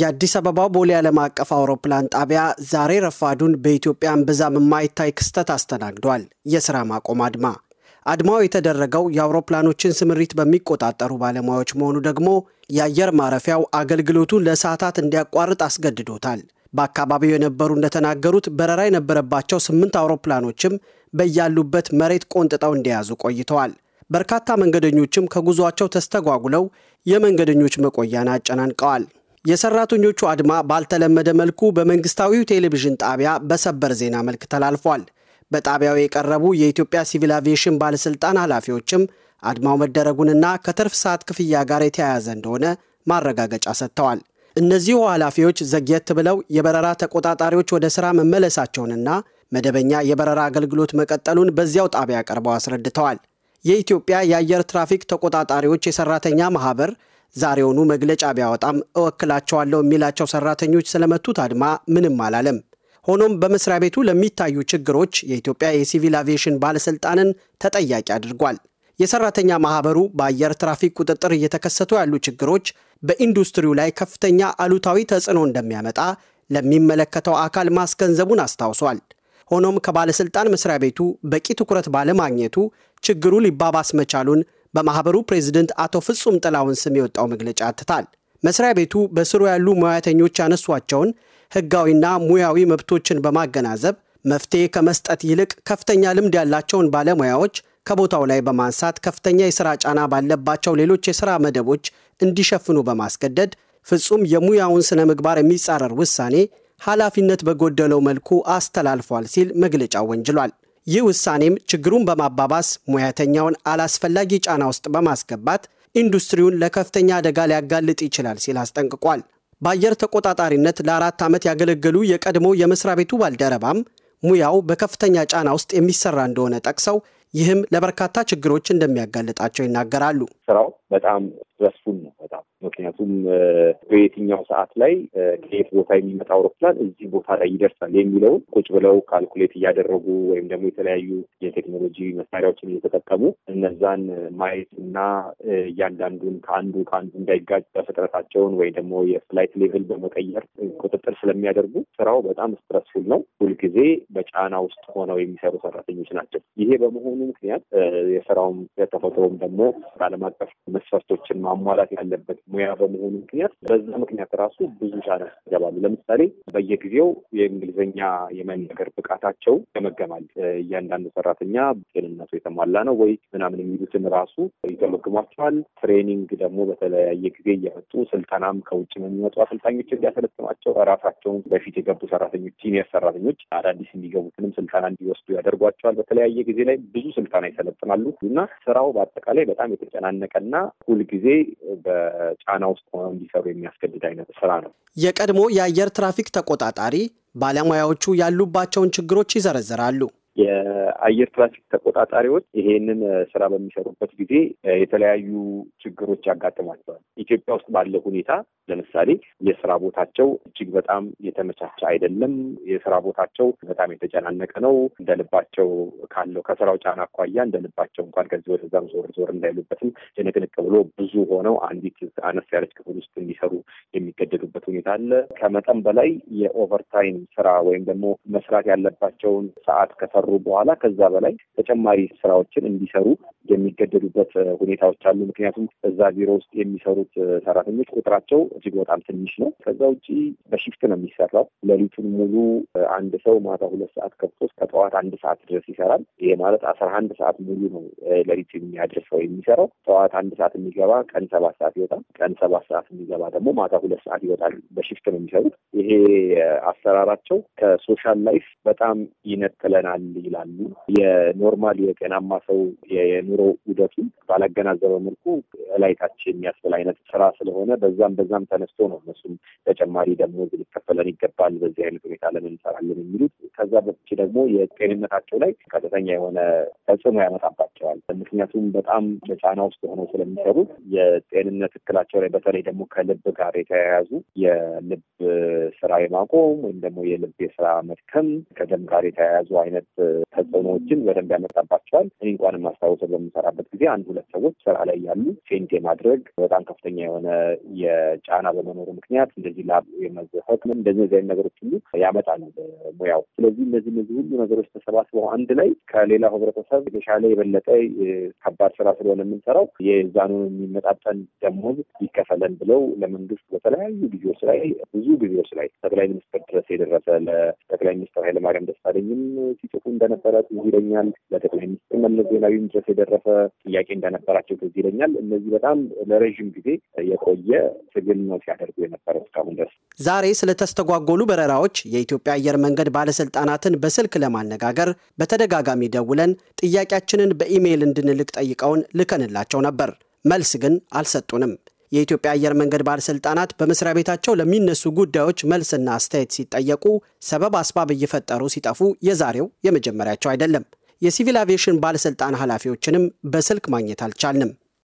የአዲስ አበባው ቦሌ ዓለም አቀፍ አውሮፕላን ጣቢያ ዛሬ ረፋዱን በኢትዮጵያ እምብዛም የማይታይ ክስተት አስተናግዷል። የሥራ ማቆም አድማ። አድማው የተደረገው የአውሮፕላኖችን ስምሪት በሚቆጣጠሩ ባለሙያዎች መሆኑ ደግሞ የአየር ማረፊያው አገልግሎቱን ለሰዓታት እንዲያቋርጥ አስገድዶታል። በአካባቢው የነበሩ እንደተናገሩት በረራ የነበረባቸው ስምንት አውሮፕላኖችም በያሉበት መሬት ቆንጥጠው እንደያዙ ቆይተዋል። በርካታ መንገደኞችም ከጉዟቸው ተስተጓጉለው የመንገደኞች መቆያን አጨናንቀዋል። የሰራተኞቹ አድማ ባልተለመደ መልኩ በመንግስታዊው ቴሌቪዥን ጣቢያ በሰበር ዜና መልክ ተላልፏል። በጣቢያው የቀረቡ የኢትዮጵያ ሲቪል አቪዬሽን ባለሥልጣን ኃላፊዎችም አድማው መደረጉንና ከትርፍ ሰዓት ክፍያ ጋር የተያያዘ እንደሆነ ማረጋገጫ ሰጥተዋል። እነዚሁ ኃላፊዎች ዘግየት ብለው የበረራ ተቆጣጣሪዎች ወደ ሥራ መመለሳቸውንና መደበኛ የበረራ አገልግሎት መቀጠሉን በዚያው ጣቢያ ቀርበው አስረድተዋል። የኢትዮጵያ የአየር ትራፊክ ተቆጣጣሪዎች የሰራተኛ ማህበር ዛሬውኑ መግለጫ ቢያወጣም እወክላቸዋለሁ የሚላቸው ሰራተኞች ስለመቱት አድማ ምንም አላለም። ሆኖም በመስሪያ ቤቱ ለሚታዩ ችግሮች የኢትዮጵያ የሲቪል አቪዬሽን ባለስልጣንን ተጠያቂ አድርጓል። የሰራተኛ ማህበሩ በአየር ትራፊክ ቁጥጥር እየተከሰቱ ያሉ ችግሮች በኢንዱስትሪው ላይ ከፍተኛ አሉታዊ ተጽዕኖ እንደሚያመጣ ለሚመለከተው አካል ማስገንዘቡን አስታውሷል። ሆኖም ከባለስልጣን መስሪያ ቤቱ በቂ ትኩረት ባለማግኘቱ ችግሩ ሊባባስ መቻሉን በማህበሩ ፕሬዝደንት አቶ ፍጹም ጥላውን ስም የወጣው መግለጫ አትታል። መስሪያ ቤቱ በስሩ ያሉ ሙያተኞች ያነሷቸውን ህጋዊና ሙያዊ መብቶችን በማገናዘብ መፍትሄ ከመስጠት ይልቅ ከፍተኛ ልምድ ያላቸውን ባለሙያዎች ከቦታው ላይ በማንሳት ከፍተኛ የሥራ ጫና ባለባቸው ሌሎች የሥራ መደቦች እንዲሸፍኑ በማስገደድ ፍጹም የሙያውን ስነ ምግባር የሚጻረር ውሳኔ ኃላፊነት በጎደለው መልኩ አስተላልፏል ሲል መግለጫው ወንጅሏል። ይህ ውሳኔም ችግሩን በማባባስ ሙያተኛውን አላስፈላጊ ጫና ውስጥ በማስገባት ኢንዱስትሪውን ለከፍተኛ አደጋ ሊያጋልጥ ይችላል ሲል አስጠንቅቋል። በአየር ተቆጣጣሪነት ለአራት ዓመት ያገለገሉ የቀድሞ የመስሪያ ቤቱ ባልደረባም ሙያው በከፍተኛ ጫና ውስጥ የሚሰራ እንደሆነ ጠቅሰው ይህም ለበርካታ ችግሮች እንደሚያጋልጣቸው ይናገራሉ። ስራው በጣም ረስፉል ነው በጣም ምክንያቱም በየትኛው ሰዓት ላይ ከየት ቦታ የሚመጣ አውሮፕላን እዚህ ቦታ ላይ ይደርሳል የሚለውን ቁጭ ብለው ካልኩሌት እያደረጉ ወይም ደግሞ የተለያዩ የቴክኖሎጂ መሳሪያዎችን እየተጠቀሙ እነዛን ማየት እና እያንዳንዱን ከአንዱ ከአንዱ እንዳይጋጭ በፍጥረታቸውን ወይም ደግሞ የፍላይት ሌቭል በመቀየር ቁጥጥር ስለሚያደርጉ ስራው በጣም ስትረስፉል ነው። ሁልጊዜ በጫና ውስጥ ሆነው የሚሰሩ ሰራተኞች ናቸው። ይሄ በመሆኑ ምክንያት የስራውም የተፈጥሮም ደግሞ ዓለም አቀፍ መስፈርቶችን ማሟላት ያለበት ሙያ ባለመሆኑ ምክንያት በዛ ምክንያት ራሱ ብዙ ጫና ይገባሉ። ለምሳሌ በየጊዜው የእንግሊዝኛ የመናገር ብቃታቸው ይገመገማል። እያንዳንዱ ሰራተኛ ጤንነቱ የተሟላ ነው ወይ ምናምን የሚሉትን ራሱ ይገመግሟቸዋል። ትሬኒንግ ደግሞ በተለያየ ጊዜ እየመጡ ስልጠናም ከውጭ የሚመጡ አሰልጣኞች እንዲያሰለጥማቸው ራሳቸውን በፊት የገቡ ሰራተኞች፣ ሲኒየር ሰራተኞች አዳዲስ የሚገቡትንም ስልጠና እንዲወስዱ ያደርጓቸዋል። በተለያየ ጊዜ ላይ ብዙ ስልጠና ይሰለጥናሉ እና ስራው በአጠቃላይ በጣም የተጨናነቀና ሁልጊዜ በጫና ውስጥ ሆነው እንዲሰሩ የሚያስገድድ አይነት ስራ ነው። የቀድሞ የአየር ትራፊክ ተቆጣጣሪ ባለሙያዎቹ ያሉባቸውን ችግሮች ይዘረዝራሉ። የአየር ትራፊክ ተቆጣጣሪዎች ይሄንን ስራ በሚሰሩበት ጊዜ የተለያዩ ችግሮች ያጋጥማቸዋል። ኢትዮጵያ ውስጥ ባለ ሁኔታ ለምሳሌ የስራ ቦታቸው እጅግ በጣም የተመቻቸ አይደለም። የስራ ቦታቸው በጣም የተጨናነቀ ነው። እንደልባቸው ካለው ከስራው ጫና አኳያ እንደልባቸው እንኳን ከዚህ ወደዛም ዞር ዞር እንዳይሉበትም ጭንቅንቅ ብሎ ብዙ ሆነው አንዲት አነስ ያለች ክፍል ውስጥ እንዲሰሩ የሚገደዱበት ሁኔታ አለ። ከመጠን በላይ የኦቨርታይም ስራ ወይም ደግሞ መስራት ያለባቸውን ሰዓት ከሰሩ በኋላ ከዛ በላይ ተጨማሪ ስራዎችን እንዲሰሩ የሚገደዱበት ሁኔታዎች አሉ። ምክንያቱም እዛ ቢሮ ውስጥ የሚሰሩት ሰራተኞች ቁጥራቸው እጅግ በጣም ትንሽ ነው። ከዛ ውጭ በሽፍት ነው የሚሰራው። ሌሊቱን ሙሉ አንድ ሰው ማታ ሁለት ሰዓት ከብቶ እስከ ጠዋት አንድ ሰዓት ድረስ ይሰራል። ይሄ ማለት አስራ አንድ ሰዓት ሙሉ ነው ሌሊቱ የሚያድር ሰው የሚሰራው። ጠዋት አንድ ሰዓት የሚገባ ቀን ሰባት ሰዓት ይወጣል። ቀን ሰባት ሰዓት የሚገባ ደግሞ ማታ ሁለት ሰዓት ይወጣሉ። በሽፍት ነው የሚሰሩት። ይሄ አሰራራቸው ከሶሻል ላይፍ በጣም ይነጥለናል ይላሉ። የኖርማል የጤናማ ሰው የኑሮ ውደቱ ባላገናዘበ መልኩ እላይታች የሚያስብል አይነት ስራ ስለሆነ በዛም በዛም ተነስቶ ነው እነሱም ተጨማሪ ደሞዝ ሊከፈለን ይገባል፣ በዚህ አይነት ሁኔታ ለምን እንሰራለን የሚሉት። ከዛ በፊት ደግሞ የጤንነታቸው ላይ ቀጥተኛ የሆነ ተጽዕኖ ያመጣባል ይኖርባቸዋል። ምክንያቱም በጣም በጫና ውስጥ ሆነው ስለሚሰሩ የጤንነት እክላቸው ላይ በተለይ ደግሞ ከልብ ጋር የተያያዙ የልብ ስራ የማቆም ወይም ደግሞ የልብ የስራ መድከም ከደም ጋር የተያያዙ አይነት ተጽዕኖዎችን በደንብ ያመጣባቸዋል። እኔ እንኳን ማስታወሰ በምንሰራበት ጊዜ አንድ ሁለት ሰዎች ስራ ላይ ያሉ ፌንት የማድረግ በጣም ከፍተኛ የሆነ የጫና በመኖሩ ምክንያት እንደዚህ ላብ የመዘፈቅ እንደዚህ ዚ ነገሮች ሁሉ ያመጣል ሙያው። ስለዚህ እነዚህ እነዚህ ሁሉ ነገሮች ተሰባስበው አንድ ላይ ከሌላ ህብረተሰብ የተሻለ የበለጠ ከባድ ስራ ስለሆነ የምንሰራው የዛኑ የሚመጣጠን ደሞዝ ይከፈለን ብለው ለመንግስት በተለያዩ ጊዜዎች ላይ ብዙ ጊዜዎች ላይ ጠቅላይ ሚኒስትር ድረስ የደረሰ ለጠቅላይ ሚኒስትር ኃይለማርያም ደሳለኝም ሲጽፉ እንደነ መሰረት ትዝ ይለኛል ለጠቅላይ ሚኒስትር መለስ ዜናዊም ድረስ የደረሰ ጥያቄ እንደነበራቸው ትዝ ይለኛል። እነዚህ በጣም ለረዥም ጊዜ የቆየ ትግል ነው ሲያደርጉ የነበረ እስካሁን ድረስ። ዛሬ ስለተስተጓጎሉ በረራዎች የኢትዮጵያ አየር መንገድ ባለስልጣናትን በስልክ ለማነጋገር በተደጋጋሚ ደውለን ጥያቄያችንን በኢሜይል እንድንልክ ጠይቀውን ልከንላቸው ነበር። መልስ ግን አልሰጡንም። የኢትዮጵያ አየር መንገድ ባለሥልጣናት በመስሪያ ቤታቸው ለሚነሱ ጉዳዮች መልስና አስተያየት ሲጠየቁ ሰበብ አስባብ እየፈጠሩ ሲጠፉ የዛሬው የመጀመሪያቸው አይደለም። የሲቪል አቪዬሽን ባለሥልጣን ኃላፊዎችንም በስልክ ማግኘት አልቻልንም።